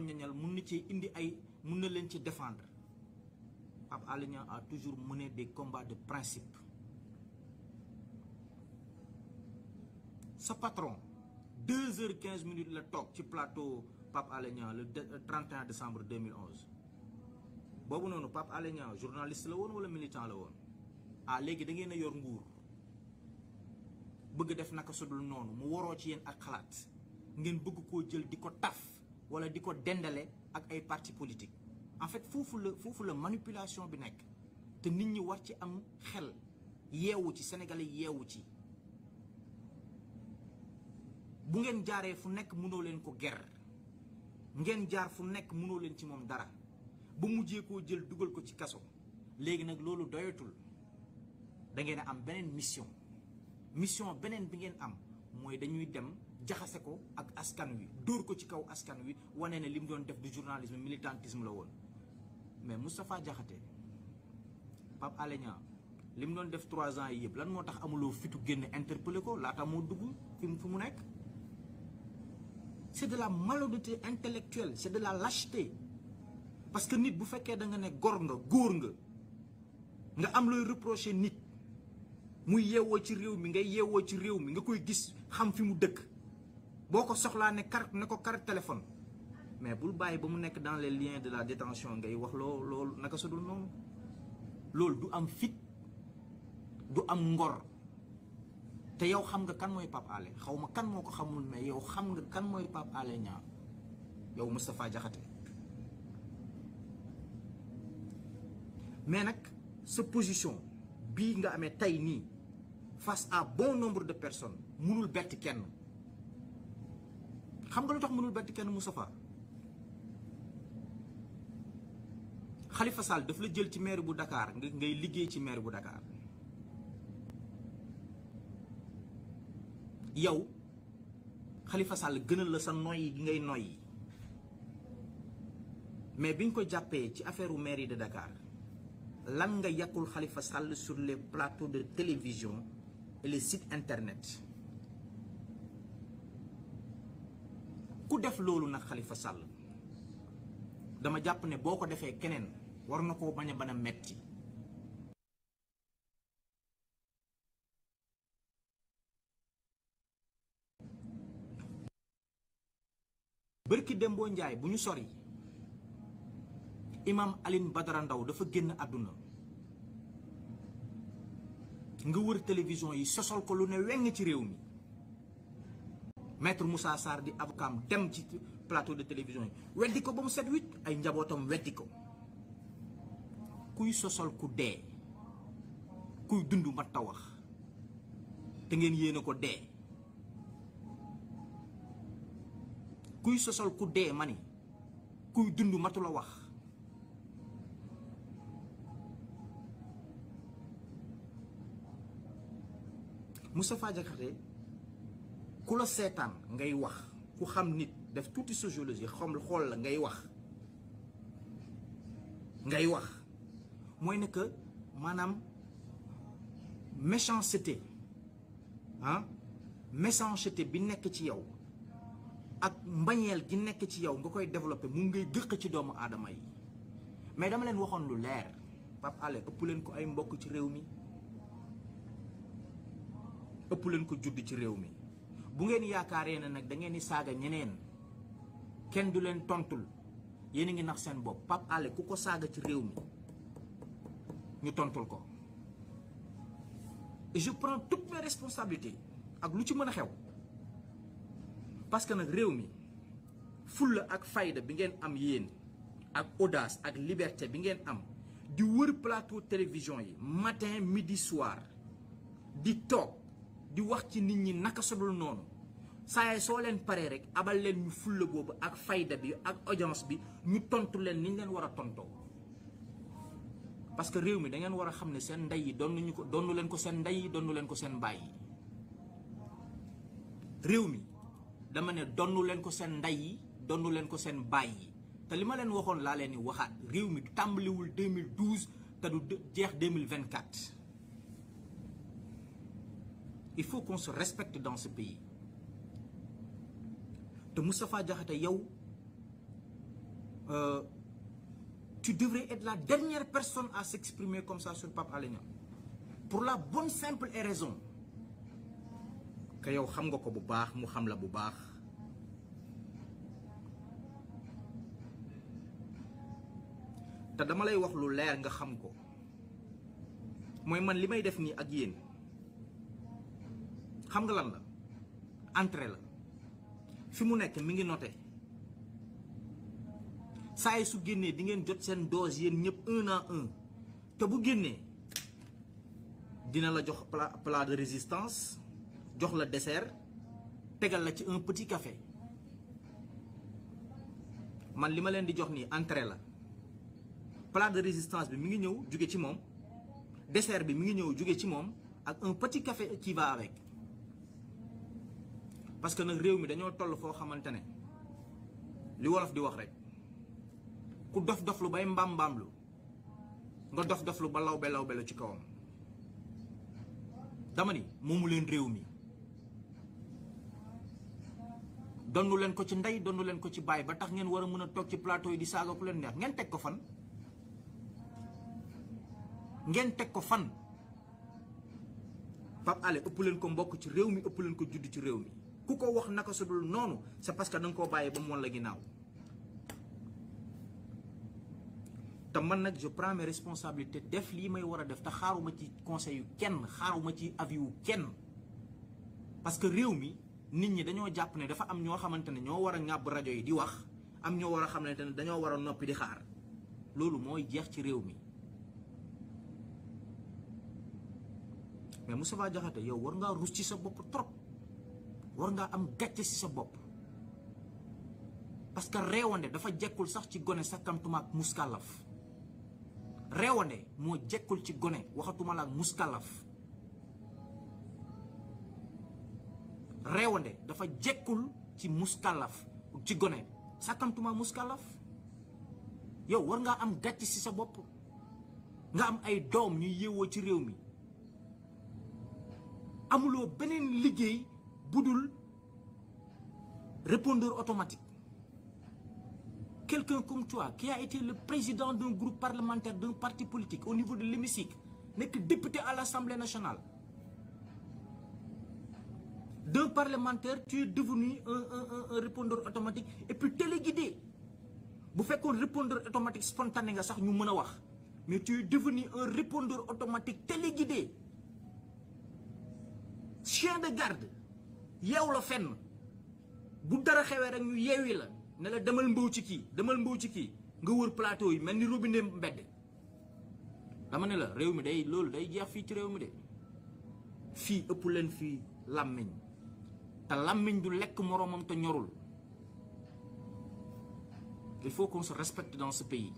xoññal mun na ci indi ay mun na leen ci defendre Pape Alé Niang a toujours mené de combats de principe sa patron deux heures quinze minutes la toog ci plateau Pape Alé Niang le 31 euh, décembre 2011 boobu noonu Pape Alé Niang journaliste la woon wala militant la woon ah léegi da ngeen a yor nguur bëgg def naka sudul noonu mu waroo ci yéen ak xalaat ngeen bëgg koo jël di ko taf wala di ko dendale ak ay parti politique en fait foofu la foofu la manipulation bi nekk te nit ñi war ci am xel yeewu ci sénégalais yeewu ci bu ngeen jaaree fu nekk mënoo leen ko ger ngeen jaar fu nekk mënoo leen ci moom dara ba mujjee koo jël dugal ko ci kaso léegi nag loolu doyatul dangeen a am beneen mission mission beneen bi ngeen am mooy dañuy dem jaxase ko ak askan wi dóor ko ci kaw askan wi wane na li mu doon def du journalisme militantisme la woon mais mustapha Diakhaté Pape Alé li mu doon def trois ans yi yëpp lan moo tax amuloo fitu génn interpellé ko laata moo dugg fi mu nekk c'est de la malhonnêteté intellectuelle c'est de la lâcheté parce que nit bu fekkee da nga ne gor nga góor nga nga am looy reprocher nit muy yeewoo ci réew mi ngay yeewoo ci réew mi nga koy gis xam fi mu dëkk boo ko soxlaa ne carte ne ko carte téléphone mais bul bàyyi ba mu nekk dans les lien de la détention ngay wax loo loolu naka sa dul noonu loolu du am fit du am ngor te yow xam nga kan mooy Pape Alé xaw ma kan moo ko xamul mais yow xam nga kan mooy Pape Alé Niang yow Moustapha mais nag sa position bii nga amee tey nii face à bon nombre de personnes munul bett kenn xam nga lu tax mënul bett kenn Moustapha Khalifa Sall daf la jël ci maire bu dakaar Dakar ngay liggéey ci maire bu Dakar yow Khalifa Sall gënal la sa noyyi gi ngay noyyi mais biñ ko jàppee ci affaire u maire yi de dakaar lan nga yàqul Khalifa Sall sur les plateaux de télévision et les sites internet ku def loolu nag xalifa Sall dama jàpp ne boo ko defee keneen war na koo bañ a metti bërki Dembo Njaay bu ñu sori imam alin Badara ndaw dafa génn àdduna nga wër télévision yi sosol ko lu ne weng ci réew mi maître Moussa saar di avocat am dem ci plateau de télévision yi weddi ko ba mu set wicc ay njabootam weddi ko kuy sosol ku dee kuy dund mat ta wax te ngeen yéene ko dee kuy sosol ku dee ma kuy dund matu la wax Moustapha Diakhaté ku la seetaan ngay wax ku xam nit def tuuti sociologie xam xool la ngay wax ngay wax mooy ne que maanaam méchanceté ah méchanceté bi nekk ci yow ak mbañeel gi nekk ci yow nga koy développé mu ngay gëq ci doomu aadama yi mais dama leen waxoon lu leer Pape Alé ëpp leen ko ay mbokk ci réew mi ëpp leen ko judd ci réew mi bu ngeen yaakaaree ne nag da ngeen di saaga ñeneen kenn du leen tontul yéen a ngi nax seen bopp Pape Alé ku ko saaga ci réew mi ñu tontul ko je prends toutes mes responsabilités ak lu ci mën a xew parce que nag réew mi fulla ak fayda bi ngeen am yéen ak audace ak liberté bi ngeen am di wër plateau télévision yi matin midi soir di toog di wax ci nit ñi naka solul noonu saa soo leen paree rek abal leen ñu fulla boobu ak fayda bi ak audience bi ñu tontu leen ni leen war a tontoo parce que réew mi da ngeen war a xam ne seen ndey yi doon nañu ko doonu leen ko seen ndey yi donnu leen ko seen baay yi réew mi dama ne doonu leen ko seen ndey yi doonu leen ko seen baay yi te li ma leen waxoon laa leen di waxaat réew mi tàmbaliwul 2012 te du jeex 2024 il faut qu'on se respecte dans ce pays te Moustapha Diakhaté yow euh, tu devrais et la dernière personne à s'exprimer comme ça sur Pape pour la bonne simple et raison que yow xam nga ko bu baax mu xam la bu baax te dama lay wax lu leer nga xam ko mooy man li may def nii ak yéen xam nga lan la entrée la fi mu nekk mi ngi noté saa yi su génnee di ngeen jot seen dose yéen ñëpp un à un te bu génnee dina la jox plat plat de résistance jox la dessert tegal la ci un petit café man li ma leen di jox nii entrée la plat de résistance bi mi ngi ñëw jóge ci moom dessert bi mi ngi ñëw jóge ci moom ak un petit café ci va avec parce que nag réew mi dañoo toll foo xamante ne li wolof di wax rek ku dof dof lu bay mbaam mbaam lu nga dof dof ba lawbe lawbe la ci kawam dama ni moomu leen réew mi donnu leen ko ci ndey donnu leen ko ci baay ba tax ngeen war a mën a toog ci plateau yi di saaga ku leen neex ngeen teg ko fan ngeen teg ko fan Pape ale ëpp leen ko mbokk ci réew mi ëpp leen ko judd ci réew mi ku ko wax naka su noonu c'est parce que da nga koo bàyyi ba mu wan la ginnaaw te man nag je prends mes def lii may war a def te xaaruma ci conseil yu kenn xaaruma ci avis kenn parce que réew mi nit ñi dañoo jàpp ne dafa am ñoo xamante ne ñoo war a ŋàbb rajo yi di wax am ñoo war a xamante ne dañoo war a noppi di xaar loolu mooy jeex ci réew mi mais Moustapha Diakhaté yow war ngaa rus ci sa bopp trop war ngaa am gàcce si sa bopp parce que réewande dafa jekkul sax ci gone sakkamtuma ak muskàllaf réewande moo jekkul ci gone waxatuma la ak dafa jekkul ci muskàllaf ci gone sakkamtuma muskàllaf yow war ngaa am gàcce ci sa bopp nga am ay doom ñuy yéewoo ci réew mi amuloo beneen liggéey budul répondeur automatique quelqu'un comme toi qui a été le président d'un groupe parlementaire d'un parti politique au niveau de l'hémicycle nekk député à l'Assemblée nationale d'un parlementaire tu es devenu un un un un répondeur automatique et puis téléguidé bu fekkoon répondeur automatique spontané nga sax ñu mën a wax mais tu es devenu un répondeur automatique téléguidé chien de garde yeew la fenn bu dara xewee rek ñu yeewi la ne la demal mbaw ci kii demal mbaw ci kii nga wër plateau yi mel ni robinet mbedd dama ne la réew mi day loolu day jeex fii ci réew mi de fii ëpp leen fii làmmiñ te làmmiñ du lekk moroomam te ñorul il faut qu'on se respecte dans ce pays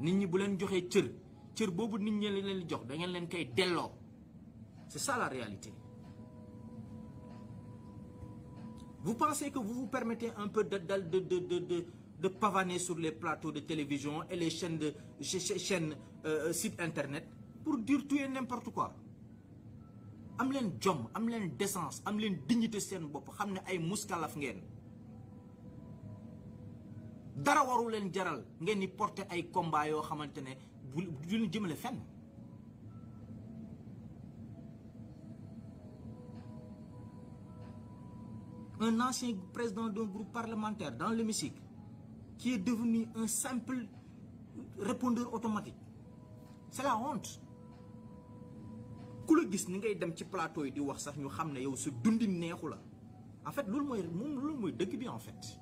nit ñi bu leen joxee cër cër boobu nit ñi leen jox da leen koy delloo c'est ça la Vous pensez que vous vous permettez un peu de, de, de, de, de pavaner sur les plateaux de télévision et les chaînes, de, chaînes euh, sites internet pour dire tuer n'importe quoi. am leen jom am leen décence am leen dignité seen bopp xam ne ay muskalaf ngeen dara waru leen jaral ngeen ni porter ay combat yoo xamante ne bu duñu jëmale fenn un ancien président d'un groupe parlementaire dans le qui est devenu un simple répondeur automatique c'est la honte ku la gis ni ngay dem ci plateau yi di wax sax ñu xam ne yow sa dundi neexu la en fait loolu mooy moom loolu mooy dëgg bi en fait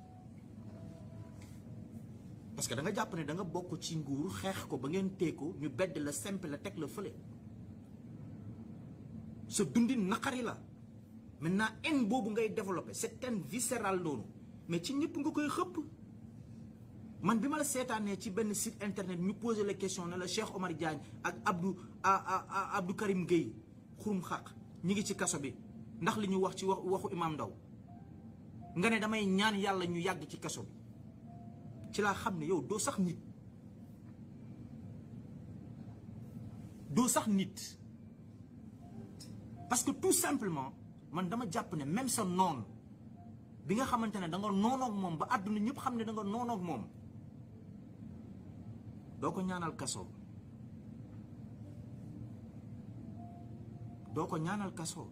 parce que da nga jàpp ne da nga bokk ci nguur xeex ko ba ngeen tee ko ñu bedd la simple la teg la fële sa dundin naqari la maintenant haine boobu ngay développé cette haine viscérale noonu mais ci ñëpp nga koy xëpp man bi ma la seetaanee ci benn site internet ñu posé la question ne la Cheikh Omar Diagne ak Abdou Abdou Karim Gueye xurum xaq ñi ngi ci kaso bi ndax li ñu wax ci wax waxu Imam Ndaw nga ne damay ñaan yàlla ñu yàgg ci kaso bi ci laa xam ne yow doo sax nit doo sax nit parce que tout simplement man dama jàpp ne même sa noon bi nga xamante ne da nga noonoog moom ba àdduna ñëpp xam ne da nga noonoog moom doo ko ñaanal kaso doo ko ñaanal kaso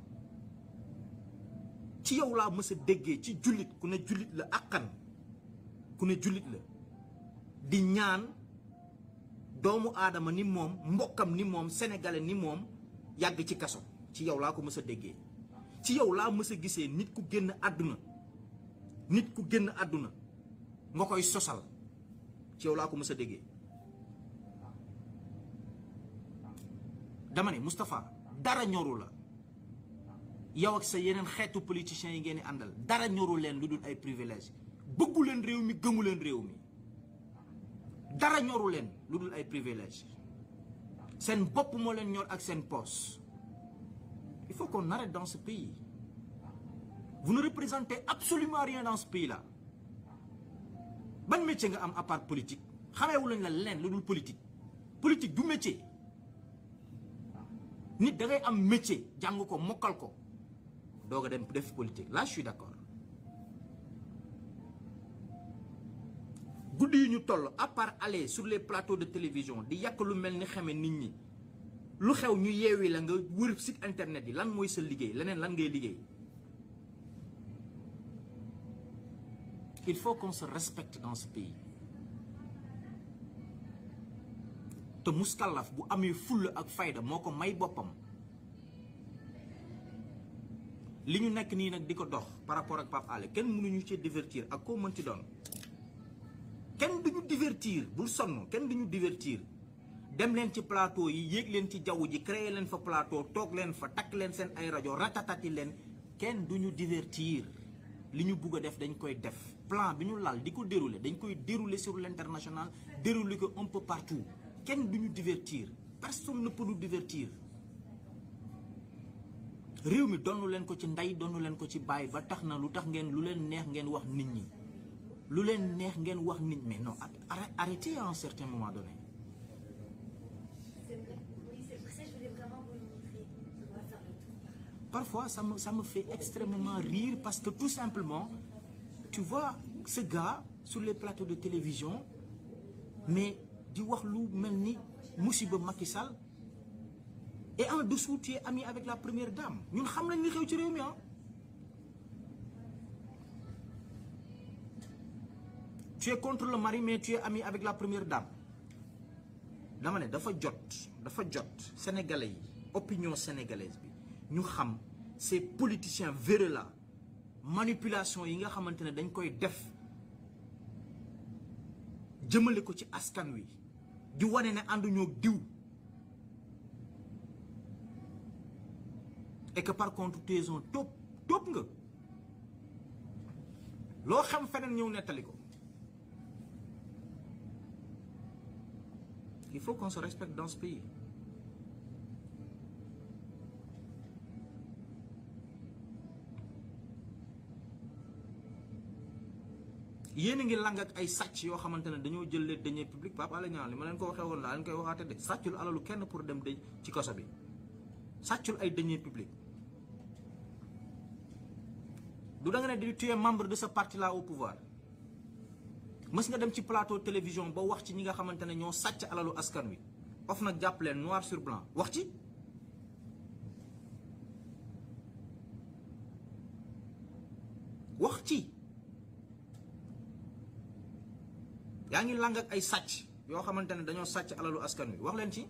ci yow laa mës déggee ci jullit ku ne jullit la àqan ku ne jullit la di ñaan doomu aadama ni moom mbokkam ni moom sénégalais ni moom yàgg ci kaso ci yow laa ko mësa déggee ci yow laa mës a gisee nit ku génn àdduna nit ku génn àdduna nga koy sosal ci yow laa ko mës a déggee dama ne Moustapha dara ñoru la yow ak sa yeneen xeetu politiciens yi ngeen di àndal dara ñoru leen lu dul ay privilège bëggu leen réew mi gëmu leen réew mi dara ñoru leen lu dul ay privilège seen bopp moo leen ñor ak seen poos faut qu'on arrête dans ce pays. Vous ne représentez absolument rien dans ce pays-là. ban métier nga am à part politique xameewu lañ la leen lu dul politique politique du métier nit da am métier jàng ko mokal ko doog dem dem def politique là je suis d'accord guddi yi ñu toll à part aller sur les plateaux de télévision di yàq lu mel ni xame nit ñi lu xew ñu yeewi la nga wër site internet yi lan mooy sa liggéey leneen lan ngay liggéey il faut qu'on se respecte dans ce pays te muskalaf bu amee fulla ak fayda moo ko may boppam li ñu nekk nii nag di ko dox par rapport ak Pape Alé kenn mënuñu ci divertir ak koo mënti doon kenn du duñu divertir bul sonn kenn duñu divertir dem leen ci plateau yi yéeg leen ci jaww ji créer leen fa plateau toog leen fa takk leen seen ay rajo ratatati leen kenn du ñu divertir li ñu bugg a def dañ koy def plan bi ñu laal di ko dérouler dañ koy dérouler sur l'international dérouler ko un peu partout kenn du ñu divertir personne ne peut nous divertir réew mi donnu leen ko ci ndey donnu leen ko ci baay ba tax na lu tax ngeen lu leen neex ngeen wax nit ñi lu leen neex ngeen wax nit mais non arrêtez à un certain moment donné parfois ça me, ça me fait extrêmement rire parce que tout simplement, tu vois ce sur les plateaux de télévision, mais di wax lu mel ni musiba Macky Sall et en dessous tu es ami avec la première dame ñun xam nañ li xew ci réew mi ah. tu es contre le mari mais tu es ami avec la première dame dama ne dafa jot dafa jot sénégalais yi opinion sénégalaise bi. ñu xam ces politiciens véreux la manipulation yi nga xamante ne dañ koy def jëmale ko ci askan wi di wane ne ànduñoo diw et que par contre taison topp topp nga loo xam feneen ñëw nettali ko il faut qu'on se respecte dans ce pays yéen a ngi lang ak ay sàcc yoo xamante ne dañoo jël les deniers publics Pape Alé Niang li ma leen ko waxee woon laa leen koy waxaate de sàccul alalu kenn pour dem de ci kaso bi sàccul ay deniers publics du da nga ne di membre de sa parti la au pouvoir mës nga dem ci plateau télévision ba wax ci ñi nga xamante ne ñoo sàcc alalu askan wi of nag jàpp leen noir sur blanc wax ci wax ci yaa ngi làng ak ay sàcc yoo xamante ne dañoo sàcc alalu askan wi wax leen ci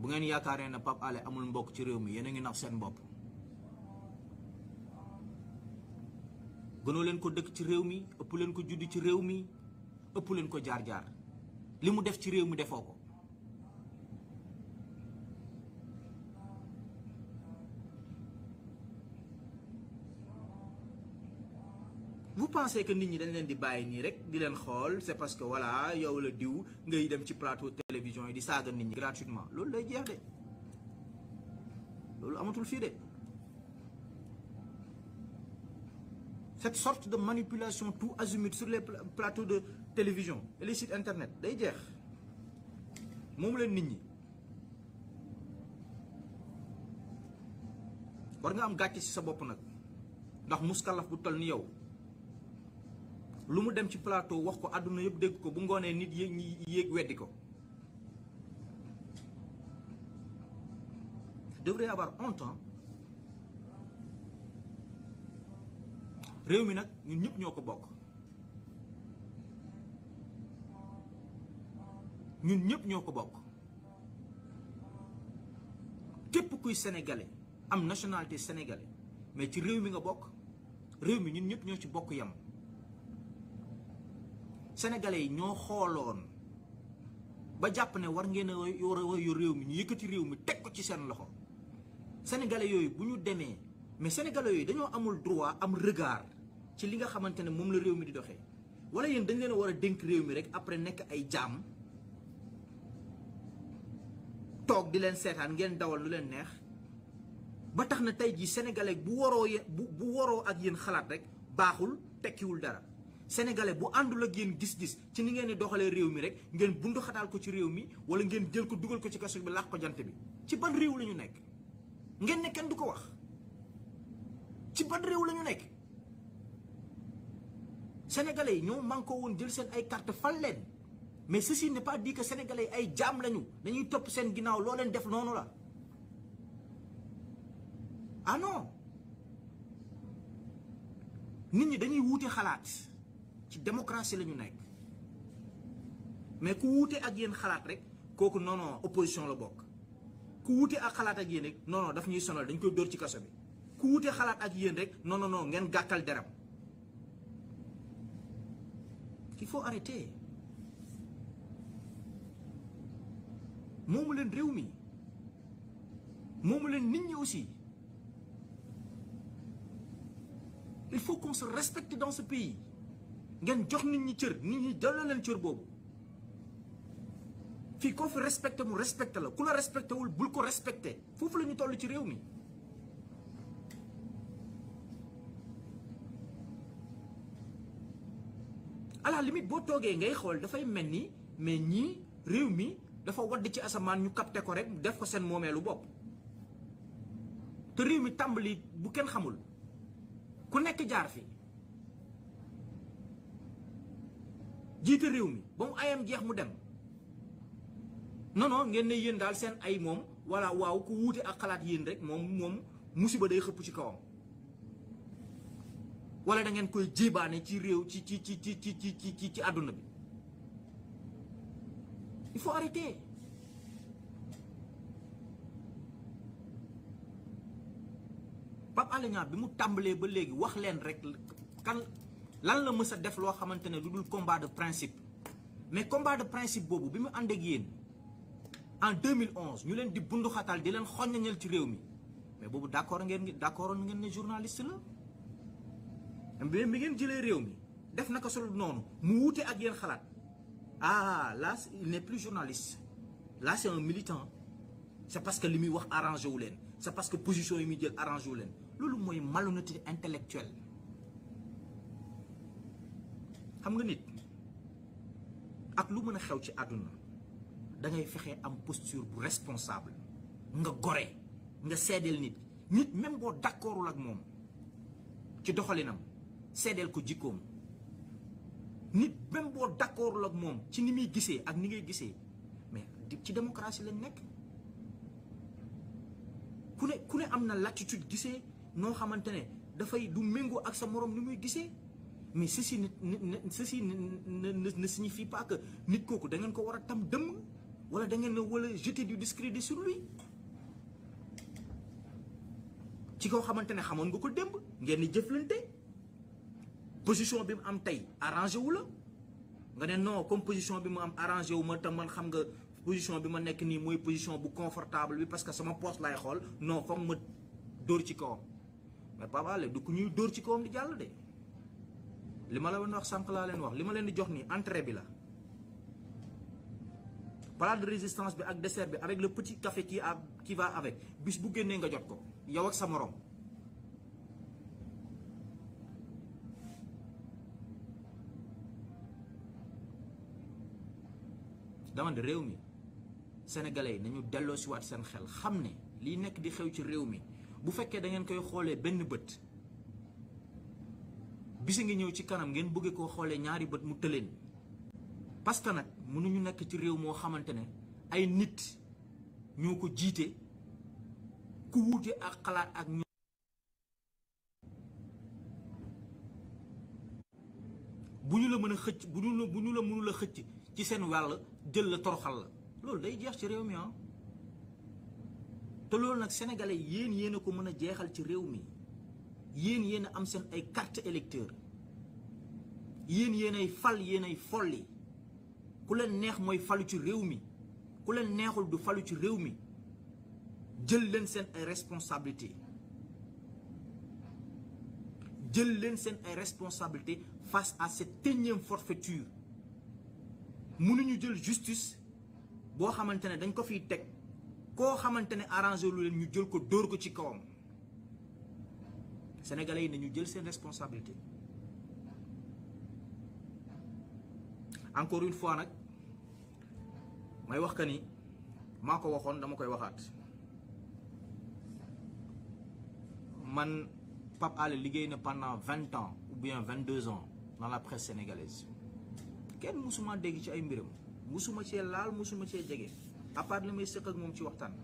bu ngeen yaakaar nee na Pape ale amul mbokk ci réew mi yéen a ngi nax seen bopp gënoo leen ko dëkk ci réew mi ëpp leen ko judd ci réew mi ëpp leen ko jaar-jaar li mu def ci réew mi defoo ko bu pensez que nit ñi dañ leen di bàyyi nii rek di leen xool c'est parce que voilà yow la diw ngay dem ci plateau télévision yi di saaga nit ñi gratuitement loolu lay jeex de loolu amatul fii de cette sorte de manipulation tout azimut sur les plateaux de télévision et les sites internet day jeex moom leen nit ñi war nga am gàcce ci sa bopp nag ndax muskalaf bu toll ni yow lu mu dem ci plateau wax ko àdduna yëpp dégg ko bu ngoonee nit yéeg ñi yéeg weddi ko devrait avoir honte réew mi nag ñun ñëpp ñoo ko bokk ñun ñëpp ñoo ko bokk képp kuy sénégalais am nationalité sénégalais mais ci réew mi nga bokk réew mi ñun ñëpp ñoo ci bokk yam sénégalais yi ñoo xooloon ba jàpp ne war ngeen a war a yu réew mi ñu yëkkati réew mi teg ko ci seen loxo sénégalais yooyu bu ñu demee mais sénégalais yooyu dañoo amul droit am regard ci li nga xamante ne moom la réew mi di doxee wala yéen dañ leen war a dénk réew mi rek après nekk ay jàmm toog di leen seetaan ngeen dawal lu leen neex ba tax na tey jii sénégalais bu waroo bu bu waroo ak yéen xalaat rek baaxul tekkiwul dara. sénégalais bu àndul ak yéen gis-gis ci ni ngeen di doxalee réew mi rek ngeen bundu xataal ko ci réew mi wala ngeen jël ko dugal ko ci kaso bi laax ko jant bi ci ban réew la ñu nekk ngeen ne kenn du ko wax ci ban réew la nekk sénégalais yi ñoo mànkoo woon jël seen ay carte fal leen mais ceci n'est pas dit que yi ay jaam lañu dañuy topp seen ginnaaw loo leen def noonu la ah nit ñi dañuy wuute xalaat ci démocratie la ñu nekk mais ku wuute ak yéen xalaat rek kooku non non opposition la bokk ku wuute ak xalaat ak yéen rek non non daf ñuy sonal dañ koy dóor ci kaso bi ku wuute xalaat ak yéen rek non non ngeen gàttal deram il faut arrêter moomu leen réew mi moomu leen nit ñi aussi il faut qu'on se respecte dans ce pays ngeen jox nit ñi cër nit ñi delloo leen cër boobu fii koo fi respecté mu respecté la ku la respecté wul bul ko respecté foofu la ñu toll ci réew mi. à la boo toogee ngay xool dafay mel ni mais ñii réew mi dafa wadd ci asamaan ñu capté ko rek def ko seen moomeelu bopp te réew mi tàmbali bu kenn xamul ku nekk jaar fi. jiite réew mi ba mu ayam jeex mu dem non non ngeen ne yéen daal seen ay moom walla waaw ku wuute ak xalaat yéen rek moom moom musiba day xëpp ci kawam walla dangeen ngeen koy jébaane ci réew ci ci ci ci ci ci ci ci àdduna bi il faut arrêter Pape Alé bi mu tàmbalee ba léegi wax leen rek kan. lan la mës a def loo xamante ne lu dul combat de principe mais combat de principe boobu bi mu ànd ak yéen en 2011 ñu leen di bunduxatal di leen xoññañal ci réew mi mais boobu d' accord ngeen d' accord ngeen ne journaliste la bi mi ngeen jëlee réew mi def naka solo noonu mu wuute ak yéen xalaat ah là il n' est plus journaliste là c' est un militant c' est li muy wax arrangé wu leen c' est parce que position yi muy jël arrangé wu leen loolu mooy malhonnêteté intellectuelle xam nga nit ak lu mën a xew ci àdduna da fexe am posture bu responsable nga gore nga seedeel nit nit même boo d'accordul ak moom ci doxalinam seedeel ko jikkoom nit même boo d'accordul moom ci ni muy gisee ak ni ngay gisee mais ci démocratie lañ nekk ku ne ku ne am na latitude gisee noo xamante ne dafay du méngoo ak sa morom ni muy gisee mais ceci ne ceci ne ne signifie pas que nit kooku da ngeen ko war a tam dëmm wala da ngeen ne wala jeter du discrédit sur lui ci koo xamante ne xamoon nga ko démb ngeen di jëflante position bi mu am tey arrangé wu la nga ne non comme position bi mu am arrangé wu ma te man xam nga position bi ma nekk nii mooy position bu confortable bi parce que sama poste lay xool noo foog ma dóor ci kawam mais Pape Alé du ku ñuy dóor ci kawam di jàll de. li ma la woon wax sànq laa leen wax li ma leen di jox nii entrée bi la plat de résistance bi ak dessert bi avec la petit café qui a qui va avec bis bu génnee nga jot ko yow ak sa morom dama ne réew mi sénégalais yi nañu delloo si waat seen xel xam ne liy nekk di xew ci réew mi bu fekkee da ngeen koy xoolee benn bët bisi ngi ñëw ci kanam ngeen bëgge koo xoole ñaari bët mu tëleen parce que nag mënuñu nekk ci réew moo xamante ne ay nit ñoo ko jiite ku wuute ak xalaat ak ñoom bu ñu la mën a xëcc bu ñu la bu mënul a xëcc ci seen wàll jël la toroxal la loolu day jeex ci réew mi ah te loolu nag sénégalais yéen yéen ko mën a jeexal ci réew mi yéen yéen a am seen ay carte électeur yéen yéen ay fal yéen ay folli ku leen neex mooy falu ci réew mi ku leen neexul du falu ci réew mi jël leen seen ay responsabilité jël leen seen ay responsabilité face à cette énième forfaiture mënuñu jël justice boo xamante ne dañ ko fiy teg koo xamante ne arrangé lu leen ñu jël ko dóor ko ci kawam sénégalais yi nañu jël seen responsabilité encore une fois nag may wax ka ni maa ko waxoon dama koy waxaat man Pape Alé liggéey na pendant vingt ans ou bien vingt deux ans dans la presse sénégalaise kenn musuma dégg ci ay mbiram musuma cee laal musuma cee jege à part li may sëq ak moom ci waxtaan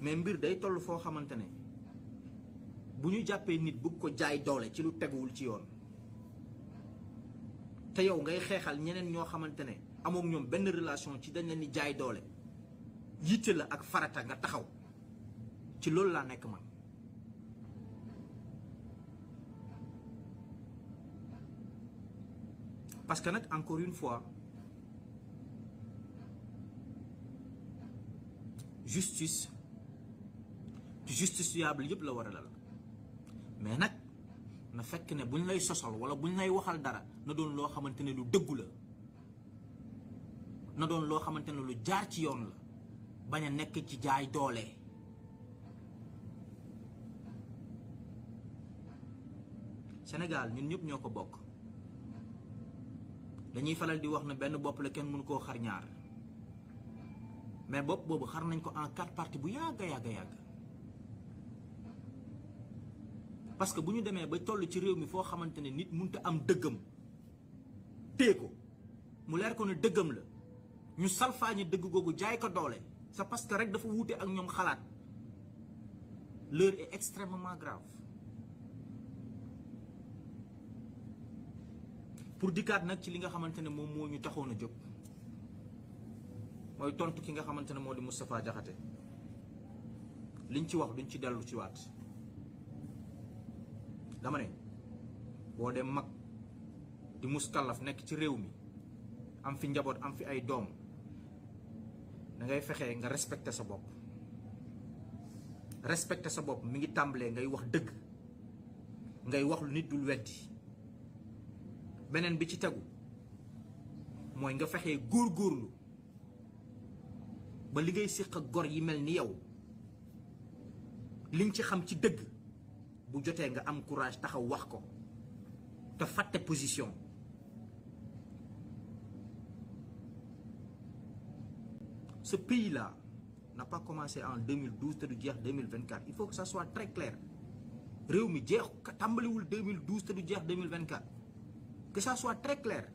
mais mbir day toll foo xamante ne bu ñu jàppee nit bu ko jaay doole ci lu teguwul ci yoon te yow ngay xeexal ñeneen ñoo xamante ne amook ñoom benn relation ci dañ leen ni jaay doole yitte la ak farata nga taxaw ci loolu laa nekk man parce que nag encore une fois justice justifiable yëpp la war a lal mais nag na fekk ne buñ lay sosal wala buñ lay waxal dara na doon loo xamante ne lu dëggu la na doon loo xamante ne lu jaar ci yoon la bañ a nekk ci jaay doole. Sénégal ñun ñëpp ñoo ko bokk dañuy faral di wax ne benn bopp la kenn mënu koo xar ñaar mais bopp boobu xar nañ ko en quatre parties bu yàgg a yàgg a yàgg. parce que bu ñu demee ba toll ci réew mi foo xamante ne nit mënta am dëggam téye ko mu leer ko ne dëggam la ñu salfaañi dëgg googu jaay ko doole c'est parce que rek dafa wute ak ñoom xalaat l'heure extremement extrêmement grave pour dikkaat nag ci li nga xamante ne moom moo ñu taxoon a jóg mooy tontu ki nga xamante ne moo di Moustapha Diakhaté liñ ci wax duñ ci dellu ci waat dama ne boo dee mag di muskalaf nekk ci réew mi am fi njaboot am fi ay doom da ngay fexe nga respecté sa bopp respecté sa bopp mi ngi tàmbalee ngay wax dëgg ngay wax lu nit dul weddi beneen bi ci tegu mooy nga fexe góorgóorlu ba li ngay séq gor yi mel ni yow liñ ci xam ci dëgg bu jotee nga am courage taxaw wax ko te fàtte position ce pays là n'a pas commencé en 2012 te du jeex 2024 il faut que ça soit très clair réew mi jeexu tàmbaliwul 2012 te du jeex 2024 que ça soit très clair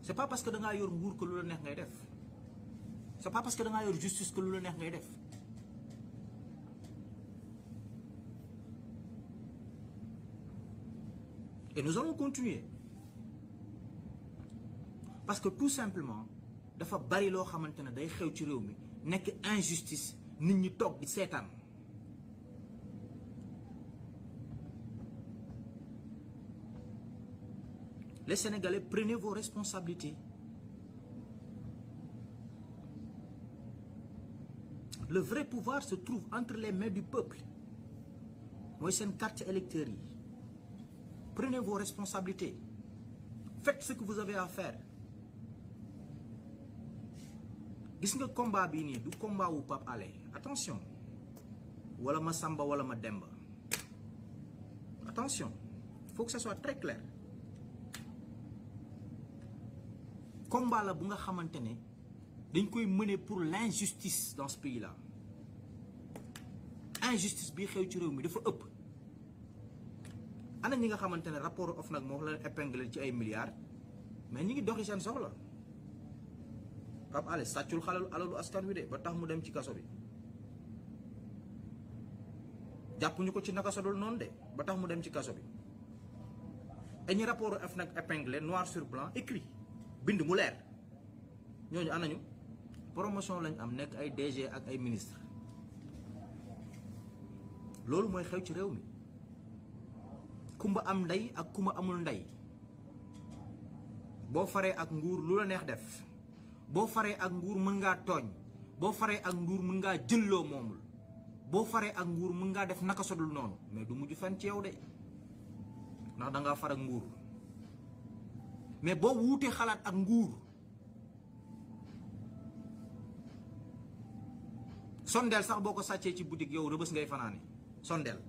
c'est pas parce que da ngaa yor nguur ko lu la neex ngay def c'est pas parce que yor justice que lu la neex ngay def Et nous allons continuer. parce que tout simplement dafa bari loo xamante ne day xew ci réew mi nekk injustice nit ñi toog di seetaan les Sénégalais prenez vos responsabilités le vrai pouvoir se trouve entre les mains du peuple mooy seen carte électeur yi Prenez vos responsabilités. Faites ce que vous avez à gis nga combat bii nii du combat wu Pape Alé attention wala ma Samba wala ma Demba attention foo faut que ça soit très clair combat la bu nga xamante ne dañ koy mener pour l'injustice dans ce pays injustice bii xew ci réew mi dafa ëpp ana ñi nga xamante ne rapport nag moo la épinglé ci ay milliards mais ñi ngi doxi seen soxla Pape Alé sàccul xalalu alalu askan wi de ba tax mu dem ci kaso bi jàppuñu ko ci naka sa noonu de ba tax mu dem ci kaso bi et ñi rapport OFNAC épinglé noir sur plan écrit bind mu leer ñooñu anañu promotion lañ am nekk ay DG ak ay ministre loolu mooy xew ci réew mi kumba am ndey ak kumba amul ndey boo faree ak nguur lu la neex def boo faree ak nguur mën ngaa tooñ boo faree ak nguur mën ngaa jëlloo moomul boo faree ak nguur mën ngaa def naka solul noonu mais du mujj fen ci yaw de ndax danga far ak nguur mais boo wuutee xalaat ak nguur sondeel sax boo ko sàccee ci boutique yow rëbës ngay fanaane sondeel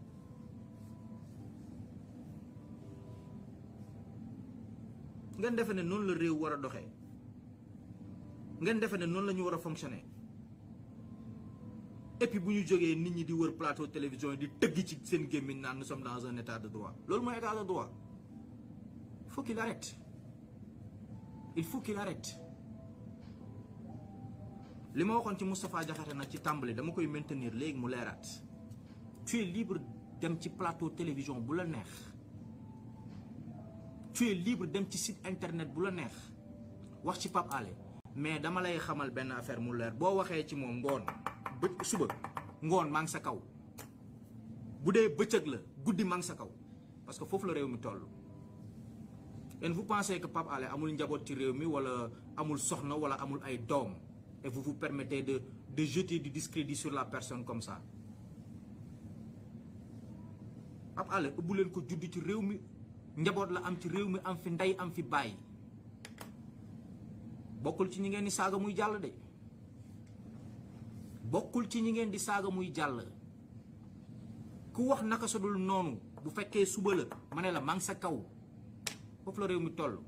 ngeen defe ne noonu la réew war a doxee ngeen defe ne noonu la ñu war a fonctionner et bu ñu jógee nit ñi di wër plateau télévision yi di tëgg ci seen gémmiñ naan nous sommes dans un état de droit loolu mooy état de droit il faut qu'il arrête il faut qu'il arrête li ma waxoon ci Moustapha Diakhaté nag ci tàmbali dama koy maintenir léegi mu leeraat tu es libre dem ci plateau télévision bu la neex tu es libre dem ci site internet bu la neex wax ci Pape Alé mais dama lay xamal benn affaire mu leer boo waxee ci moom ngoon bë suba ngoon maa ngi sa kaw bu dee bëccëg la guddi maa ngi sa kaw parce que foofu la réew mi toll. et vous pensez que Pape amul njaboot ci réew mi wala amul soxna wala amul ay doom te vous vous permettez de de jeter du discrédit sur la personne comme ça Pape Alé ko judd ci réew mi njaboot la am ci réew mi am fi ndey am fi bàyyi bokkul ci ñi ngeen di saaga muy jàll de bokkul ci ñi ngeen di saaga muy jàll ku wax naka sa dul noonu bu fekkee suba la ma ne la maa sa kaw foofu la réew mi toll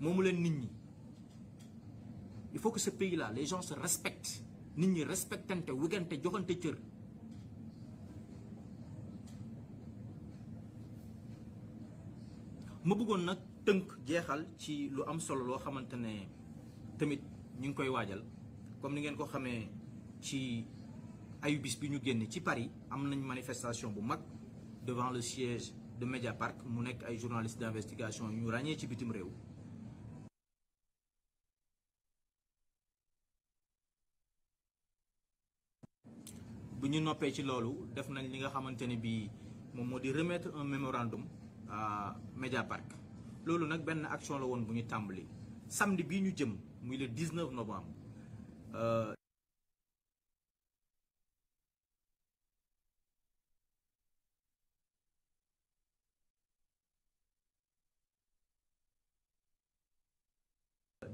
moomu leen nit ñi il faut que ce pays là les nit ñi respectante wëggante joxante cër. ma bëggoon nag tënk jeexal ci lu am solo loo xamante ne tamit ñu ngi koy waajal comme ni ngeen ko xamee ci ayu bis bi ñu génn ci Paris am nañ manifestation bu mag devant le siège de Mediapart mu nekk ay journalistes d'investigation yu ñu ràññee ci bitim réew bu ñu noppee ci loolu def na li nga xamante ne bii moom moo di remettre un mémorandum Media Park loolu nag benn action la woon bu ñu tàmbali samedi bii ñu jëm muy le 19 novembre. Euh,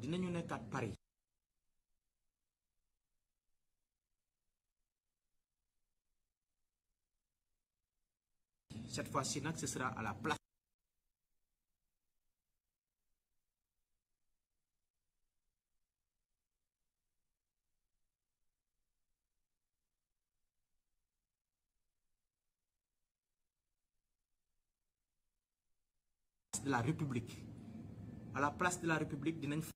dinañu nekkaat Paris. cette fois-ci nag ce sera à la place. place de la République à la place de la République dinañ